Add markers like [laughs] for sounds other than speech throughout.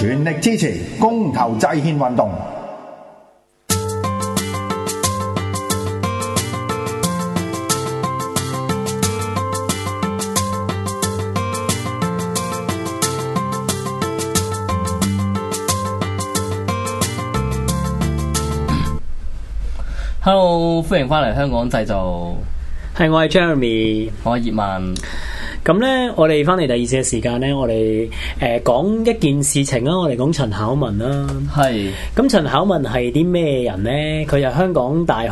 全力支持公投制憲運動。Hello，歡迎翻嚟香港製造。係，我係 Jeremy， [noise] 我係葉問。咁咧，我哋翻嚟第二次嘅時間咧，我哋誒、呃、講一件事情啊，我哋講陳巧文啦。係。咁陳巧文係啲咩人咧？佢又香港大學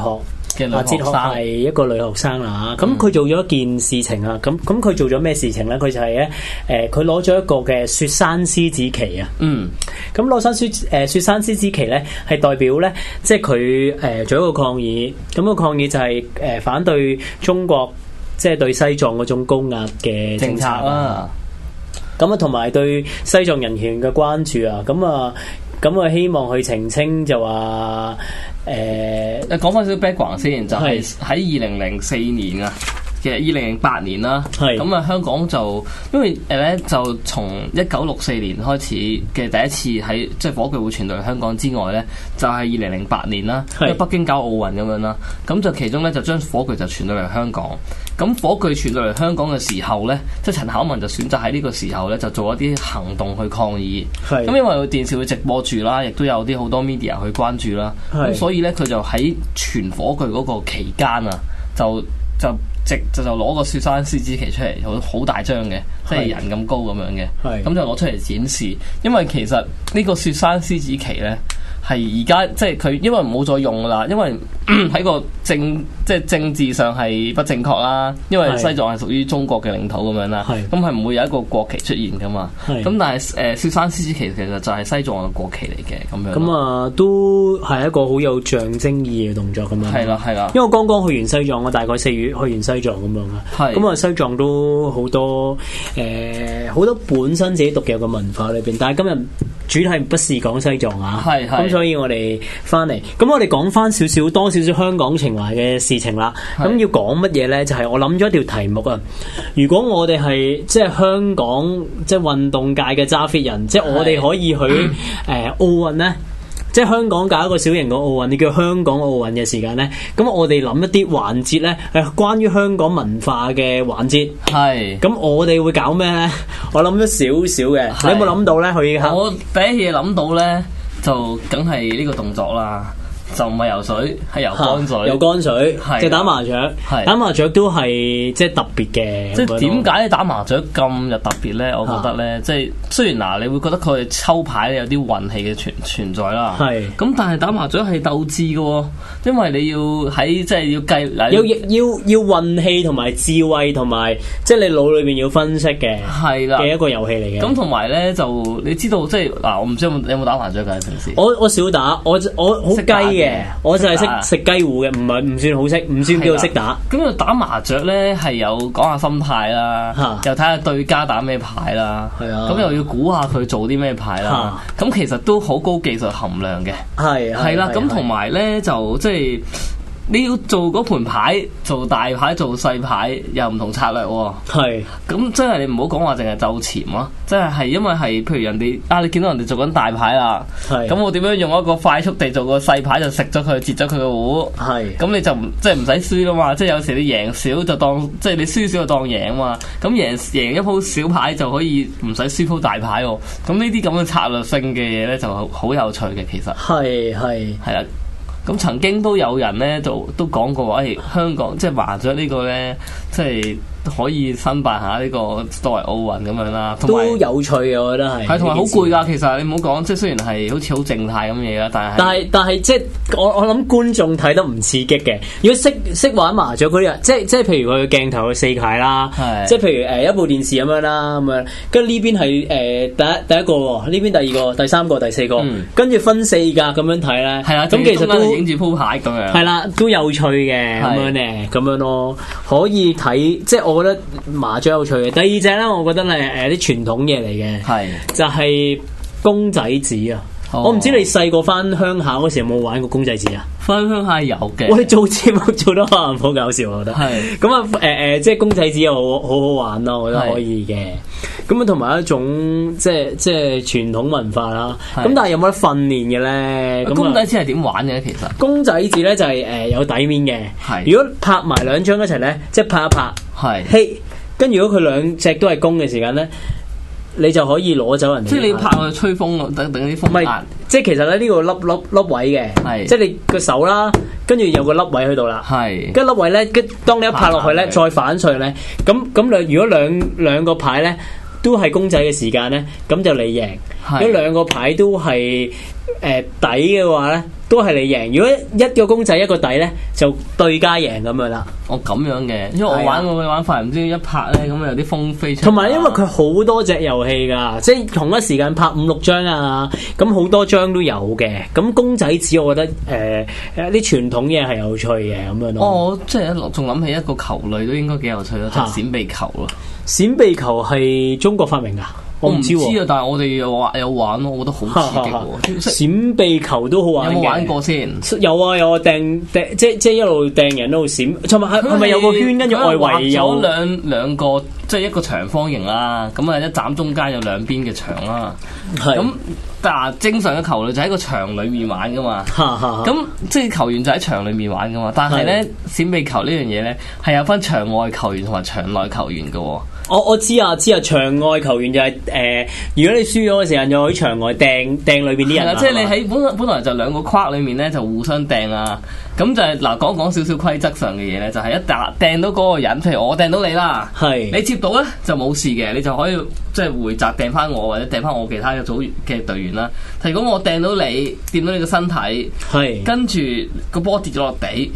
嘅哲學系一個女學生啦。咁佢做咗一件事情啊。咁咁佢做咗咩事情咧？佢就係咧誒，佢攞咗一個嘅雪山獅子旗啊。嗯。咁攞山雪誒、呃、雪山獅子旗咧，係代表咧，即係佢誒做一個抗議。咁、那個抗議就係、是、誒、呃、反對中國。即係對西藏嗰種高壓嘅政策啊，咁啊，同埋對西藏人權嘅關注啊，咁啊，咁啊，希望去澄清就話，誒、欸，講翻少 background 先，就係喺二零零四年啊。其實二零零八年啦，咁啊是、嗯、香港就因為誒咧、呃，就從一九六四年開始嘅第一次喺即係火炬會傳到嚟香港之外咧，就係二零零八年啦，是因為北京搞奧運咁樣啦，咁、嗯、就其中咧就將火炬就傳到嚟香港。咁、嗯、火炬傳到嚟香港嘅時候咧，即係陳巧文就選擇喺呢個時候咧就做一啲行動去抗議。咁是、嗯、因為電視會直播住啦，亦都有啲好多 media 去關注啦，咁、嗯、是所以咧佢就喺傳火炬嗰個期間啊，就就。就直就就攞個雪山獅子旗出嚟，好好大張嘅，即係人咁高咁的樣嘅，咁就攞出嚟展示。因為其實呢個雪山獅子旗咧，係而家即係佢，因為唔好再用啦，因為喺個政即係政治上係不正確啦，因為西藏係屬於中國嘅領土咁樣啦，咁係唔會有一個國旗出現噶嘛。咁是但係誒雪山獅子旗其實就係西藏嘅國旗嚟嘅咁樣。咁啊，都係一個好有象徵意義嘅動作咁樣。係啦，係啦。因為剛剛去完西藏，我大概四月去完西藏咁樣啦。係是。咁啊，西藏都好多誒，好、呃、多本身自己獨有嘅文化裏邊，但係今日主題不是講西藏啊。係係。所以我哋翻嚟，咁我哋講翻少少多少少香港情懷嘅事情啦。咁是要講乜嘢呢？就係、是、我諗咗一條題目啊。如果我哋係即係香港即係運動界嘅揸 fit 人，是即係我哋可以去誒奧運呢，即係香港搞一個小型嘅奧運，你叫香港奧運嘅時間呢。咁我哋諗一啲環節呢，係關於香港文化嘅環節。係是。咁我哋會搞咩呢？ [laughs] 我諗咗少少嘅，是你有冇諗到呢？佢。我第一次諗到呢。就梗係呢個動作啦。就唔係游水，係游乾水。游乾水，即係打麻雀。的打麻雀都係即係特別嘅。即係點解打麻雀咁有特別咧？我覺得咧，啊、即係雖然嗱，你會覺得佢抽牌有啲運氣嘅存存在啦。係的。咁但係打麻雀係鬥智嘅，因為你要喺即係要計，有要要，要運氣同埋智慧同埋，即係你腦裏邊要分析嘅。係啦的。嘅一個遊戲嚟嘅。咁同埋咧就你知道即係嗱、啊，我唔知有冇有冇打麻雀㗎？平時我我少打，我我，我好雞我就係識食雞糊嘅，唔係唔算好識，唔算幾識打。咁啊，打麻雀咧係有講下心態啦，又睇下對家打咩牌啦，咁又要估下佢做啲咩牌啦。咁其實都好高技術含量嘅，係啦。咁同埋咧就即係。你要做嗰盤牌，做大牌做細牌又唔同策略喎、哦。係是。咁真係你唔好講話淨係就潛咯，真係係因為係譬如人哋啊，你見到人哋做緊大牌啦。係是。咁我點樣用一個快速地做個細牌就食咗佢，截咗佢個糊。係是。咁你就唔即係唔使輸啦嘛，即係有時你贏少就當即係你輸少就當贏啊嘛。咁贏贏一鋪小牌就可以唔使輸鋪大牌喎、哦。咁呢啲咁嘅策略性嘅嘢呢，就好有趣嘅其實。係係是。係啊。咁、嗯、曾經都有人咧，就都講過話誒、哎，香港即係話咗呢個咧，即係。可以申辦下呢個作為奧運咁樣啦，都有趣嘅，我覺得係。係，同埋好攰㗎，其實你唔好講，即係雖然係好似好靜態咁嘢啦，但係但係但係即係我我諗觀眾睇得唔刺激嘅。如果識識玩麻雀嗰啲人，即係即係譬如佢鏡頭去四界啦，即係譬如誒一部電視咁樣啦咁樣，跟住呢邊係誒第一第一個喎，呢邊第二個，第三個，第四個，跟住分四格咁樣睇咧。係啦，咁其實都影住鋪牌咁樣。係啦，都有趣嘅咁樣嘅咁樣咯，可以睇即係我。我覺得麻雀有趣嘅，第二隻咧，我覺得係誒啲傳統嘢嚟嘅，係是就係公仔紙啊！哦、我唔知你細個翻鄉下嗰時有冇玩過公仔紙啊？翻鄉下有嘅。我哋做節目做得好搞笑，我覺得係咁啊！誒誒是、呃呃，即係公仔紙又好，好好玩咯，我覺得可以嘅。咁啊是，同埋一種即係即係傳統文化啦。咁是但係有冇得訓練嘅咧？咁公仔紙係點玩嘅？其實公仔紙咧就係、是、誒有底面嘅。係是如果拍埋兩張一齊咧，即、就、係、是、拍，拍一拍。係，跟住如果佢兩隻都係公嘅時間咧，你就可以攞走人哋。即係你拍，去吹風咯，等等啲風。唔係，即係其實咧呢、這個粒粒粒位嘅，是即係你個手啦，跟住有個粒位喺度啦，跟是粒位咧，跟當你一拍落去咧，再反出嚟咧，咁咁兩如果兩兩個牌咧都係公仔嘅時間咧，咁就你贏。如果兩個牌都係誒、呃、底嘅話咧，都係你贏。如果一個公仔一個底咧，就對家贏咁樣啦。我咁、哦、樣嘅，因為我玩我嘅、哎、呀玩法唔知一拍咧，咁啊有啲風飛同埋因為佢好多隻遊戲噶，即係同一時間拍五六張啊，咁好多張都有嘅。咁公仔紙我覺得誒，一啲傳統嘢係有趣嘅咁樣咯。哦，我即係一落，仲諗起一個球類都應該幾有趣咯，啊、就閃避球咯。閃避球係中國發明噶。我唔知啊，但係我哋有玩有玩咯，我覺得好刺激喎！閃避球都好玩，有冇玩過先啊？有啊有啊，掟掟即係即係一路掟人一路閃，同埋係咪有個圈跟住外圍兩有兩兩個？即係一個長方形啦，咁啊一斬中間有兩邊嘅牆啦，咁嗱是的 正常嘅球類就喺個場裏面玩噶嘛，咁 [laughs] 即係球員就喺場裏面玩噶嘛，但係呢閃是的 避球呢樣嘢呢，係有分場外球員同埋場內球員嘅。我我知啊，知啊，場外球員就係、是、誒、呃，如果你輸咗嘅時候就喺場外掟掟裏面啲人啦，的的即係你喺本本來就兩個框裏面呢，就互相掟啊。咁就係嗱講講少少規則上嘅嘢咧，就係、是、一打掟到嗰個人，譬如我掟到你啦，係是你接到咧就冇事嘅，你就可以即係回擲掟翻我或者掟翻我其他嘅組嘅隊員啦。如果我掟到你掂到你個身體，係跟住個波跌咗落地。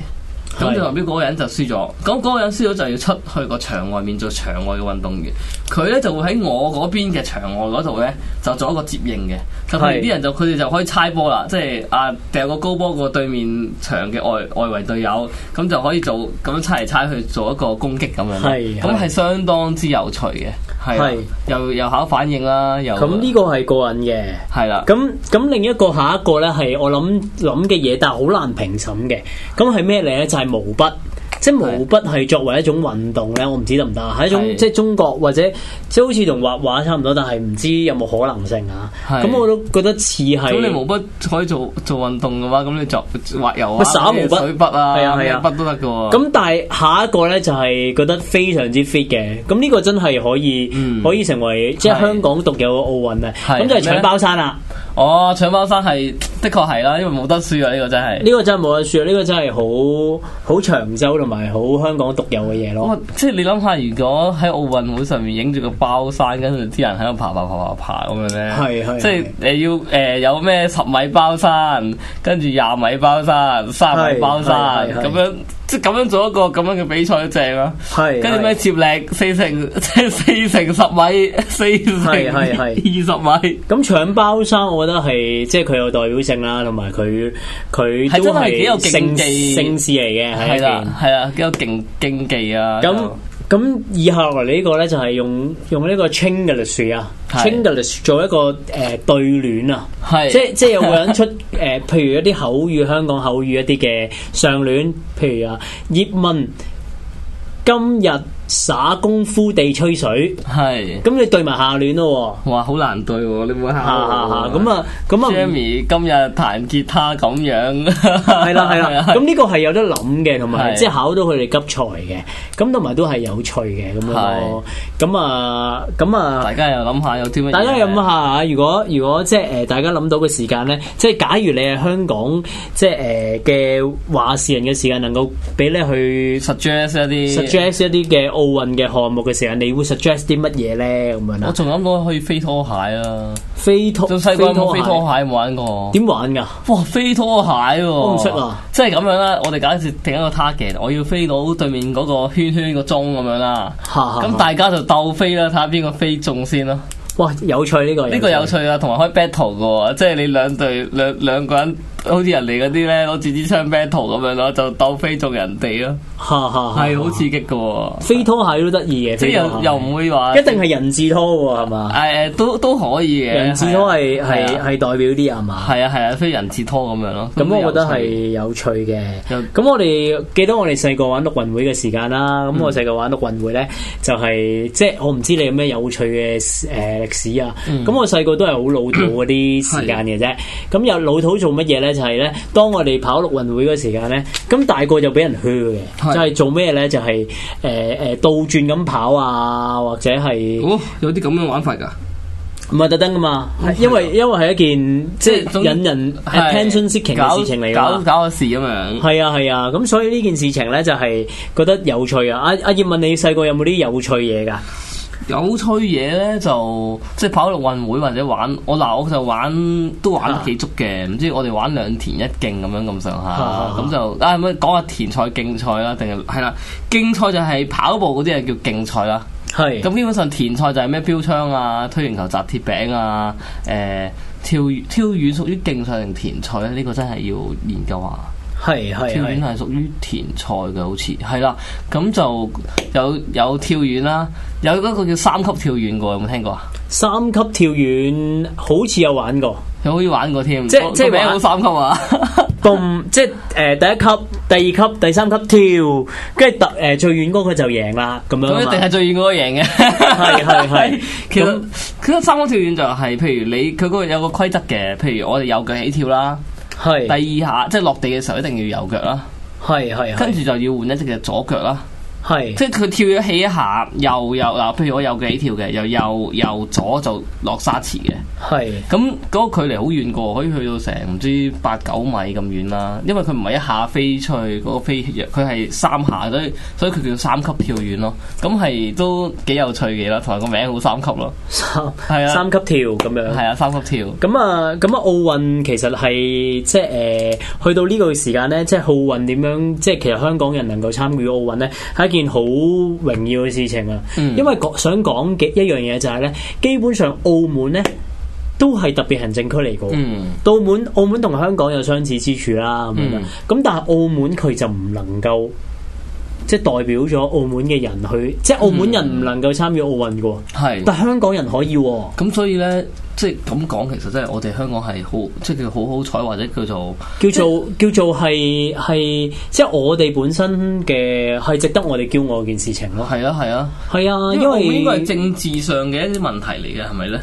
咁就代表嗰個人就輸咗，咁嗰個人輸咗就要出去個場外面做場外嘅運動員，佢咧就會喺我嗰邊嘅場外嗰度咧就做一個接應嘅，咁啲人就佢哋是就可以猜波啦，即係啊掟個高波過對面場嘅外外圍隊友，咁就可以做咁樣猜嚟猜去做一個攻擊咁樣，咁係是相當之有趣嘅。係，又又考反應啦，又咁呢個係過癮嘅，係啦的。咁咁另一個下一個咧，係我諗諗嘅嘢，但係好難評審嘅。咁係咩嚟咧？就係、是、毛筆。即係毛筆係作為一種運動咧，我唔知得唔得，係一種是即係中國或者即係好似同畫畫差唔多，但係唔知有冇可能性啊？咁是我都覺得似係。咁你毛筆可以做做運動嘅話，咁你作畫油畫啊？耍毛筆啊，水筆都得嘅喎。咁、啊、但係下一個咧就係覺得非常之 fit 嘅，咁呢個真係可以可以成為、嗯、即係香港獨有嘅奧運啊！咁是是就係搶包山啦。哦，搶包山係的確係啦，因為冇得輸啊！呢個真係呢個真係冇得輸啊！呢個真係好好長洲同埋好香港獨有嘅嘢咯。即係、嗯、你諗下，如果喺奧運會上面影住個包山，跟住啲人喺度爬爬爬爬爬咁樣咧，係係，即係你要誒有咩十米包山，跟住廿米包山，三十米包山咁樣，即係咁樣做一個咁樣嘅比賽正啦。跟住咩接力四成即係四,四成十米，四係係二十米。咁搶包山我～覺得係即係佢有代表性啦，同埋佢佢係真係幾有競技、性事嚟嘅。係啦，係啊，幾有競競技啊！咁咁那，以下嚟呢個咧就係用用呢個 Chinglish 啊，Chinglish 的做一個誒、呃、對聯啊，係的即即有個人出誒、呃，譬如一啲口語、香港口語一啲嘅上聯，譬如啊，葉問今日。耍功夫地吹水，係咁是你對埋下聯咯喎，哇好難對喎，你唔好嚇我。咁啊，咁啊，啊，啊 S、嗯、Jeremy 今日彈吉他咁樣，係啦，係啦，咁呢個係有得諗嘅，同埋的即係考到佢哋急才嘅，咁同埋都係有趣嘅咁樣。咁、那個、的啊，咁啊，大家又諗下有啲乜？大家諗下，如果如果即係誒，大家諗到嘅時間咧，即係假如你係香港，即係誒嘅話事人嘅時間，能夠俾你去 suggest 一啲 suggest 一啲嘅，奧運嘅項目嘅時候，你會 suggest 啲乜嘢呢？咁樣我仲諗到可以飛拖鞋啊！飛拖，做細個飛拖鞋，有冇玩過？點玩噶？哇！飛拖鞋喎，啊，我唔識啊！即係咁樣啦，我哋假設定一個 target，我要飛到對面嗰個圈圈個鐘咁樣啦。吓咁， [laughs] 大家就鬥飛啦，睇下邊個飛中先咯。哇！有趣呢個人，呢個有趣啊，同埋開 battle 嘅，即係你兩隊兩兩個人，好似人哋嗰啲呢，攞住支槍 battle 咁樣咯，就鬥飛中人哋咯。哈哈，係好刺激嘅，飛拖鞋都得意嘅，即係又又唔會話一定係人字拖係嘛？誒，都都可以嘅，人字拖係係係代表啲啊嘛？係啊係啊，非人字拖咁樣咯。咁我覺得係有趣嘅。咁我哋記得我哋細個玩陸運會嘅時間啦。咁我細個玩陸運會咧，就係即係我唔知你有咩有趣嘅誒歷史啊。咁我細個都係好老土嗰啲時間嘅啫。咁有老土做乜嘢咧？就係咧，當我哋跑陸運會嗰個時間咧，咁大個就俾人嘘嘅。就係做咩咧？就係誒誒倒轉咁跑啊，或者係、哦、有啲咁嘅玩法㗎，唔係特登㗎嘛，嗯因。因為因為係一件即係是引人 attention seeking 嘅是事情嚟㗎，搞個事咁樣。係啊係啊，咁、啊、所以呢件事情咧就係覺得有趣啊！阿阿葉問你細個有冇啲有，有趣嘢㗎？有趣嘢咧就即係跑陸運會或者玩我嗱我就玩都玩得幾足嘅，唔知我哋玩兩田一徑咁樣咁上下，咁、啊、就啊咪講下田賽、徑賽啦，定係係啦，徑賽就係跑步嗰啲啊叫徑賽啦，係咁基本上田賽就係咩標槍啊、推鉛球、砸鐵餅啊、誒、欸、跳遠跳遠屬於徑賽定田賽咧？呢、這個真係要研究下。係係跳遠係屬於田賽嘅，好似係啦，咁、嗯、就有有跳遠啦。有嗰個叫三級跳遠嘅，有冇聽過啊？三級跳遠好似有玩過， [laughs] 有好似玩過添。即係即係咪一三級啊？蹦即係誒、呃、第一級、第二級、第三級跳，跟住突誒最遠嗰個就贏啦咁樣。咁一定係最遠嗰個贏嘅。 [laughs] 係係係。其實那其實三級跳遠就係、是，譬如你佢嗰個有個規則嘅，譬如我哋右腳起跳啦，係是第二下即係落地嘅時候一定要右腳啦，係係是是，跟住就要換一隻嘅左腳啦。係，是即係佢跳咗起一下，又又嗱，譬如我有幾條嘅，又又又左就落沙池嘅。係是。咁嗰、嗯，那個距離好遠個，可以去到成唔知八九米咁遠啦。因為佢唔係一下飛出去、那個飛，佢係三下，所以所以佢叫三級跳遠咯。咁、嗯、係都幾有趣嘅啦，同埋個名好三級咯。三係啊，三級跳咁樣。係啊，三級跳。咁啊，咁啊，奧運其實係即係誒、呃，去到呢個時間咧，即係奧運點樣，即係其實香港人能夠參與奧運咧，係一件件好榮耀嘅事情啊，因為講想講嘅一樣嘢就係咧，基本上澳門咧都係特別行政區嚟嘅，澳門澳門同香港有相似之處啦咁樣，咁但係澳門佢就唔能夠。即係代表咗澳門嘅人去，即係澳門人唔能夠參與奧運嘅喎。嗯、但係香港人可以喎。咁所以呢，即係咁講，其實真係我哋香港係好，即係佢好好彩，或者叫做叫做、就是、叫做係係，即係我哋本身嘅係值得我哋驕傲嘅一件事情咯。係啊，係啊，係啊，因為，因為應該係政治上嘅一啲問題嚟嘅，係咪呢？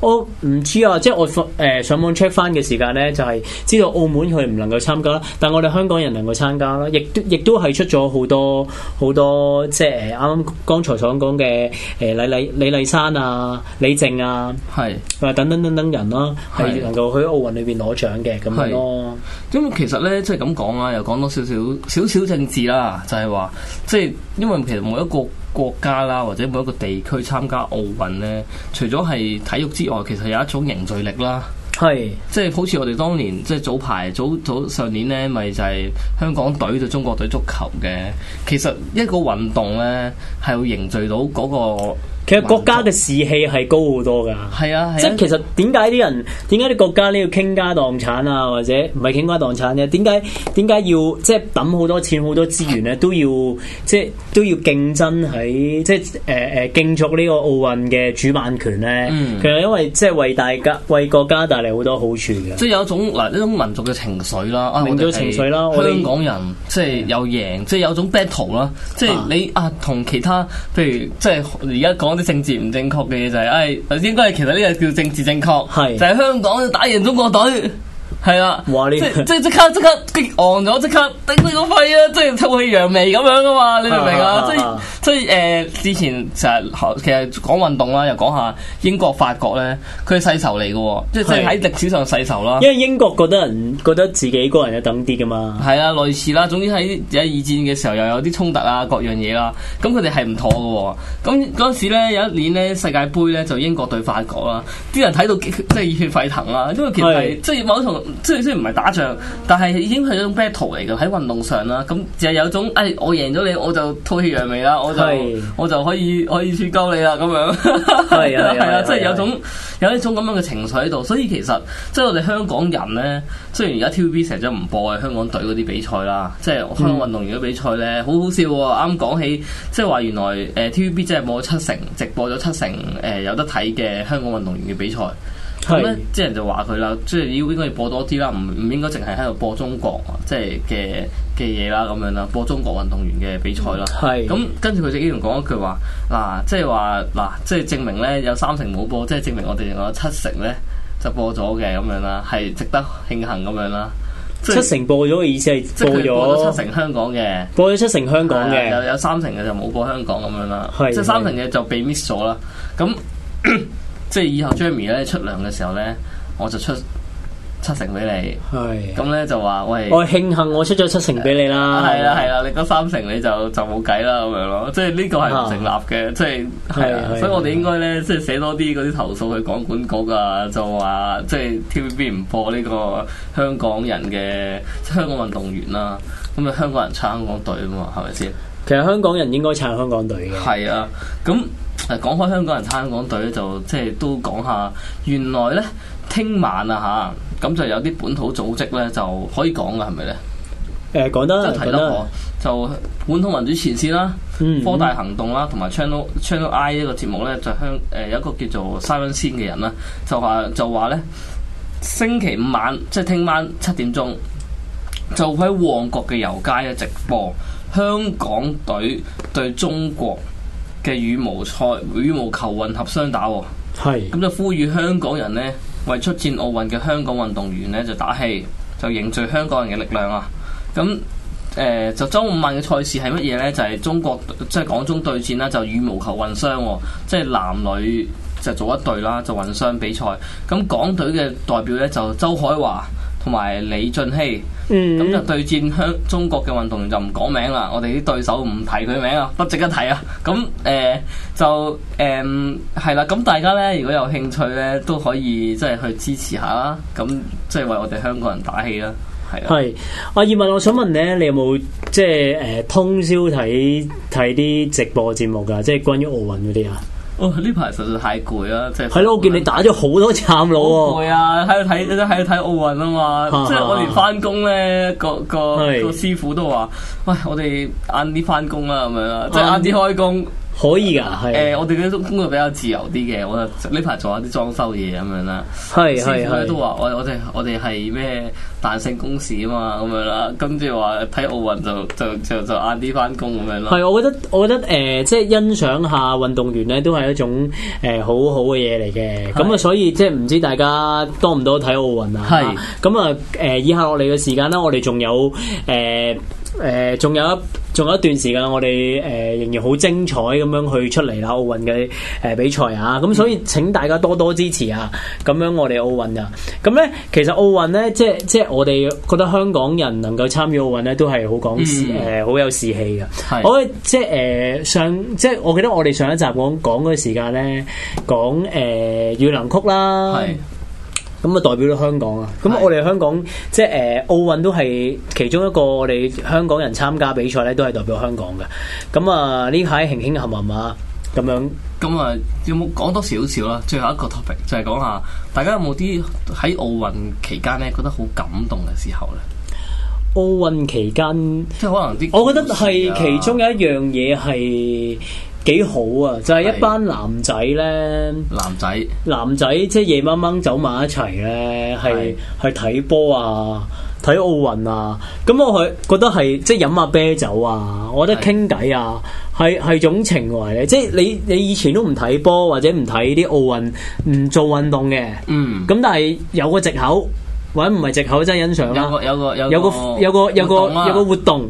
我唔知啊，即係我誒、呃、上網 check 翻嘅時間咧，就係、是、知道澳門佢唔能夠參加啦，但係我哋香港人能夠參加啦，亦都亦都係出咗好多好多即係誒啱啱剛才所講嘅誒李麗李麗珊啊、李靜啊，係或是等等等等人啦、啊，係是能夠喺奧運裏邊攞獎嘅咁樣咯。咁其實咧即係咁講啊，又講多少少少少政治啦，就係話即係因為其實冇一個。國家啦，或者每一個地區參加奧運呢，除咗係體育之外，其實有一種凝聚力啦。係是，即係好似我哋當年即係早排早早上年呢咪就係、是、香港隊對、就是、中國隊足球嘅。其實一個運動呢，係會凝聚到嗰、那個。其實國家嘅士氣係高好多㗎，係啊，即係、啊、其實點解啲人點解啲國家呢要傾家蕩產啊，或者唔係傾家蕩產咧、啊？點解點解要即係抌好多錢、好多資源咧？都要即係、就是、都要競爭喺即係誒誒競逐呢個奧運嘅主辦權咧？嗯、其實因為即係為大家為國家帶嚟好多好處嘅，即係有一種嗱呢種民族嘅情緒啦、啊，民、啊、族情緒啦、啊，我哋香港人即係有贏，即、就、係、是、有種 battle 啦、啊，即、就、係、是、你啊同其他譬如即係而家講。政治唔正確嘅嘢就係，唉、哎，首先應該係其實呢個叫政治正確，係就係香港打贏中國隊。係啦，嗯、哇即嘩即 [laughs] 即刻即刻激昂咗，即刻頂你個肺啊！即係臭氣揚眉咁樣噶嘛，你明唔明啊？啊即係、啊啊、即係誒，之前成日其實講運動啦，又講下英國、法國咧，佢係世仇嚟噶，即係喺歷史上世仇啦。因為英國覺得人覺得自己個人有等啲噶嘛。係啊，類似啦。總之喺二戰嘅時候又有啲衝突啊，各樣嘢啦。咁佢哋係唔妥噶。咁嗰陣時咧有一年咧世界盃咧就英國對法國啦，啲人睇到即係熱血沸騰啦。因為其實是即係某一種。即係雖然唔係打仗，但係已經係一種 battle 嚟嘅，喺運動上啦，咁就係有種，誒，我贏咗你，我就吐氣揚眉啦，我就我就可以可以處鳩你啦，咁樣，係啊係啊，即係有種有一種咁樣嘅情緒喺度，所以其實即係我哋香港人呢，雖然而家 TVB 成日唔播嘅香港隊嗰啲比賽啦，即係香港運動員嘅比賽呢，好好笑喎，啱講起即係話原來誒 TVB 真係播七成，直播咗七成誒有得睇嘅香港運動員嘅比賽。咁咧、嗯，啲人就話佢啦，即係要應該要播多啲啦，唔唔應該淨係喺度播中國即係嘅嘅嘢啦，咁樣啦，播中國運動員嘅比賽啦。係、嗯。咁跟住佢直接仲講一句話，嗱，即係話嗱，即係證明咧有三成冇播，即係證明我哋有七成咧就播咗嘅咁樣啦，係值得慶幸咁樣啦。即七成播咗嘅意思係播咗七成香港嘅，播咗七成香港嘅，有有三成嘅就冇播香港咁樣啦，的即係三成嘅就被 miss 咗啦。咁 [laughs] 即係以後 Jeremy 咧出糧嘅時候咧，我就出七成俾你。係咁咧就話喂，我慶幸我出咗七成俾你啦。係啦係啦，你嗰三成你就就冇計啦咁樣咯。即係呢個係唔成立嘅。即係係啊，的所以我哋應該咧即係寫多啲嗰啲投訴去廣管局啊，就話即係、就是、TVB 唔播呢個香港人嘅香港運動員啦、啊。咁啊香港人撐香港隊啊嘛，係咪先？其實香港人應該撐香港隊嘅。係啊，咁。誒講開香港人撐香港隊咧，就即係都講下，原來咧聽晚啊嚇，咁就有啲本土組織咧就可以講噶，係咪咧？誒、欸、講得睇得我，得就本土民主前線啦，嗯、科大行動啦，同埋 Channel Channel I 呢個節目咧，就香誒、呃、有一個叫做 Simon 三文鮮嘅人啦，就話就話咧，星期五晚即係聽晚七點鐘，就喺旺角嘅遊街咧直播香港隊對中國。嘅羽毛賽羽毛球混合雙打喎、哦，咁是就呼籲香港人呢為出戰奧運嘅香港運動員呢就打氣，就凝聚香港人嘅力量啊！咁誒、呃、就周五晚嘅賽事係乜嘢呢？就係、是、中國即係、就是、港中對戰啦，就羽毛球混雙、哦，即、就、係、是、男女就做一隊啦，就混雙比賽。咁港隊嘅代表呢，就周海華，同埋李俊熙，咁、嗯、就對戰香中國嘅運動員就唔講名啦，我哋啲對手唔提佢名啊，不值得提啊。咁誒、呃、就誒係啦，咁、呃、大家咧如果有興趣咧都可以即係、就是、去支持下啦，咁即係為我哋香港人打氣啦。係啊。係，阿葉問，我想問咧，你有冇即係誒通宵睇睇啲直播節目㗎？即係關於奧運嗰啲啊？哦，呢排實在太攰啦，即係係咯，我見你打咗好多次喊露喎、啊，攰啊，喺度睇，喺度睇奧運啊嘛， [laughs] 即係我連翻工咧，個個是個師傅都話，喂，我哋晏啲翻工啦，咁樣啦，即係晏啲開工。可以噶，啊，誒、呃，是我哋呢種工作比較自由啲嘅。的我就呢排做下啲裝修嘢咁樣啦。係係的，都話我我哋我哋係咩彈性工時啊嘛，咁樣啦，跟住話睇奧運就就就就晏啲翻工咁樣咯。係，我覺得我覺得誒、呃，即係欣賞下運動員咧，都係一種誒、呃、好好嘅嘢嚟嘅。咁啊的，所以即係唔知大家多唔多睇奧運啊？係的。咁啊誒，以下落嚟嘅時間啦，我哋仲有誒誒，仲有。仲有一段時間，我哋誒、呃、仍然好精彩咁樣去出嚟啦！奧運嘅誒、呃、比賽啊，咁所以請大家多多支持啊！咁樣我哋奧運啊，咁咧其實奧運咧，即係即係我哋覺得香港人能夠參與奧運咧，都係好講誒，好、嗯呃、有士氣嘅。係是的，我即係誒上，即係我記得我哋上一集講講嗰個時間咧，講誒《雨、呃、霖曲》啦。係。咁啊，代表咗香港啊！咁我哋香港即係誒，奧運、就係呃、都係其中一個我哋香港人參加比賽咧，都係代表香港嘅。咁啊，呢下慶慶係咪嘛？咁樣，咁、嗯、啊，有冇講多少少啦？最後一個 topic 就係講下，大家有冇啲喺奧運期間咧，覺得好感動嘅時候咧？奧運期間，即係可能啲，啊、我覺得係其中有一樣嘢係。幾好啊！就係、是、一班男仔咧，男仔，男仔即係夜晚掹走埋一齊咧，係去睇波啊，睇奧運啊。咁我係覺得係即係飲下啤酒啊，是我覺得傾偈啊，係係種情懷咧。即係你你以前都唔睇波或者唔睇啲奧運，唔做運動嘅，嗯。咁但係有個藉口，或者唔係藉口，真、就是、欣賞、啊、有個有個有個有個有個，有個，有，個，有，個有個活動、啊。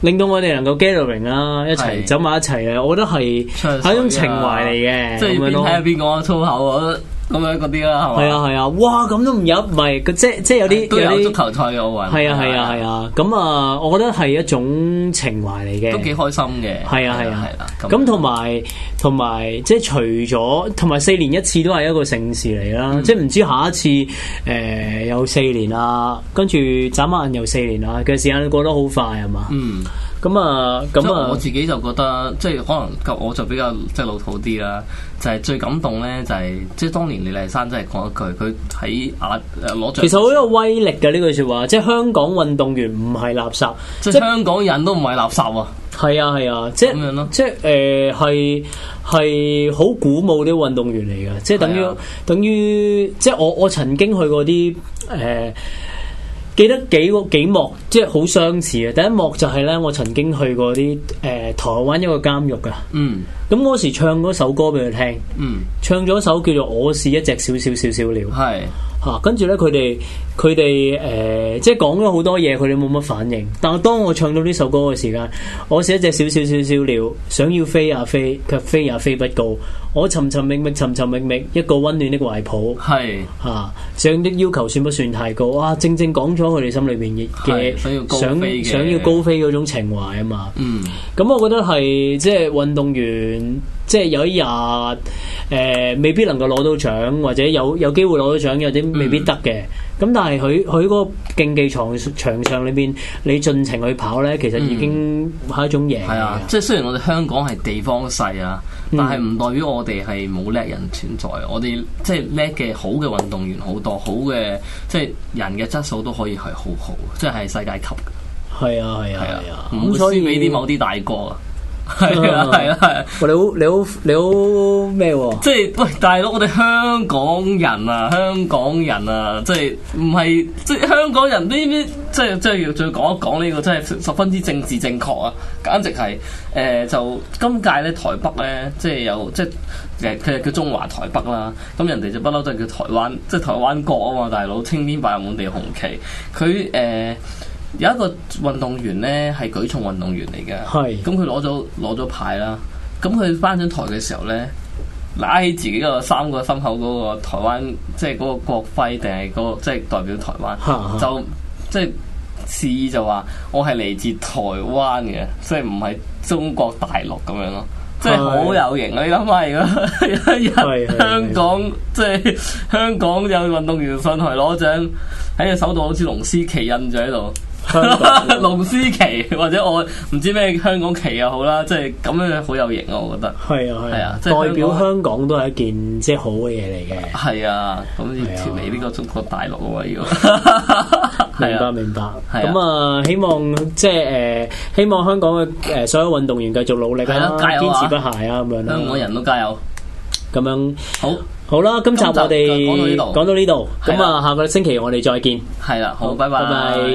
令到我哋能夠 gathering 啦，一齊走埋一齊啊！我覺得係係一種情懷嚟嘅，即係邊睇下邊講粗口我覺得。咁樣嗰啲啦，係啊係啊，哇咁都唔入，唔係個即即有啲都有足球賽嘅運，係啊係啊係啊，咁啊，哦、我覺得係一種情懷嚟嘅，都幾開心嘅，係啊係啊係啦。咁同埋同埋即係除咗同埋四年一次都係一個盛事嚟啦，即係唔知下一次誒、呃、有四年啦，跟住眨眼又四年啦，嘅時間過得好快係嘛？嗯。咁啊，即啊、嗯，我自己就覺得，嗯、即係可能，我就比較即係老土啲啦。就係、是、最感動咧、就是，就係即係當年李麗珊真係講一句，佢喺眼攞獎。啊、其實好有威力嘅呢句說話，即係香港運動員唔係垃圾，即係即香港人都唔係垃圾啊！係啊係啊，啊啊樣啊即係咁樣咯，即係誒係係好鼓舞啲運動員嚟嘅，即係等於等於即係我我，我曾經去過啲誒。呃記得幾個幾幕，即係好相似嘅。第一幕就係呢，我曾經去過啲誒、呃、台灣一個監獄㗎。嗯，咁嗰時唱嗰首歌俾佢聽。嗯，唱咗首叫做《我是一隻小小小小鳥》。係。跟住、啊、呢，佢哋佢哋誒，即係講咗好多嘢，佢哋冇乜反應。但係當我唱到呢首歌嘅時間，我是一隻小小小小鳥，想要飛啊飛，卻飛也、啊、飛不高。我尋尋覓覓尋尋覓覓一個溫暖的懷抱。係是啊，這樣的要求算不算太高？哇、啊！正正講咗佢哋心裏邊嘅想想要高飛嗰種情懷啊嘛。嗯。咁、嗯、我覺得係即係運動員。即係有一日誒、呃，未必能夠攞到獎，或者有有機會攞到獎，有啲未必得嘅。咁、嗯、但係佢佢嗰個競技場場上裏邊，你盡情去跑呢，其實已經係一種贏。係、嗯、啊，即係雖然我哋香港係地方細啊，但係唔代表我哋係冇叻人存在。嗯、我哋即係叻嘅、好嘅運動員好多，好嘅即係人嘅質素都可以係好好，即係世界級。係啊係啊係啊，唔輸、啊啊啊啊啊、某啲大哥啊！係啊係啊係啊！你好，你好，你好咩？即係喂，大佬，我哋香港人啊，香港人啊，即係唔係即係香港人呢啲，即係即係要再講一講呢個，真係十分之政治正確啊！簡直係誒，呃，就今屆咧台北咧，即係有即係其實佢係叫中華台北啦，咁人哋就不嬲都係叫台灣，即係台灣國啊嘛！大佬，青天白日滿地紅旗，佢誒。呃有一個運動員咧係舉重運動員嚟嘅，咁佢攞咗攞咗牌啦，咁佢翻上台嘅時候咧，拿起自己個三個心口嗰個台灣，即係嗰個國徽定係嗰個，即係代表台灣， [laughs] 就即係示意就話我係嚟自台灣嘅，所以唔係中國大陸咁樣咯，即係好有型啊！是你諗下而家，香港即係香港有運動員獎上台攞獎，喺隻手度好似龍獅旗印咗喺度。龍獅旗或者我唔知咩香港旗又好啦，即係咁樣好有型啊！我覺得係啊，係啊，代表香港都係一件即係好嘅嘢嚟嘅。係啊，咁要脫離呢個中國大陸啊。話要明白明白。咁啊，希望即係誒，希望香港嘅誒所有運動員繼續努力啦，堅持不懈啊，咁樣。香港人都加油，咁樣好好啦。今集我哋講到呢度，講到呢度。咁啊，下個星期我哋再見。係啦，好，拜拜。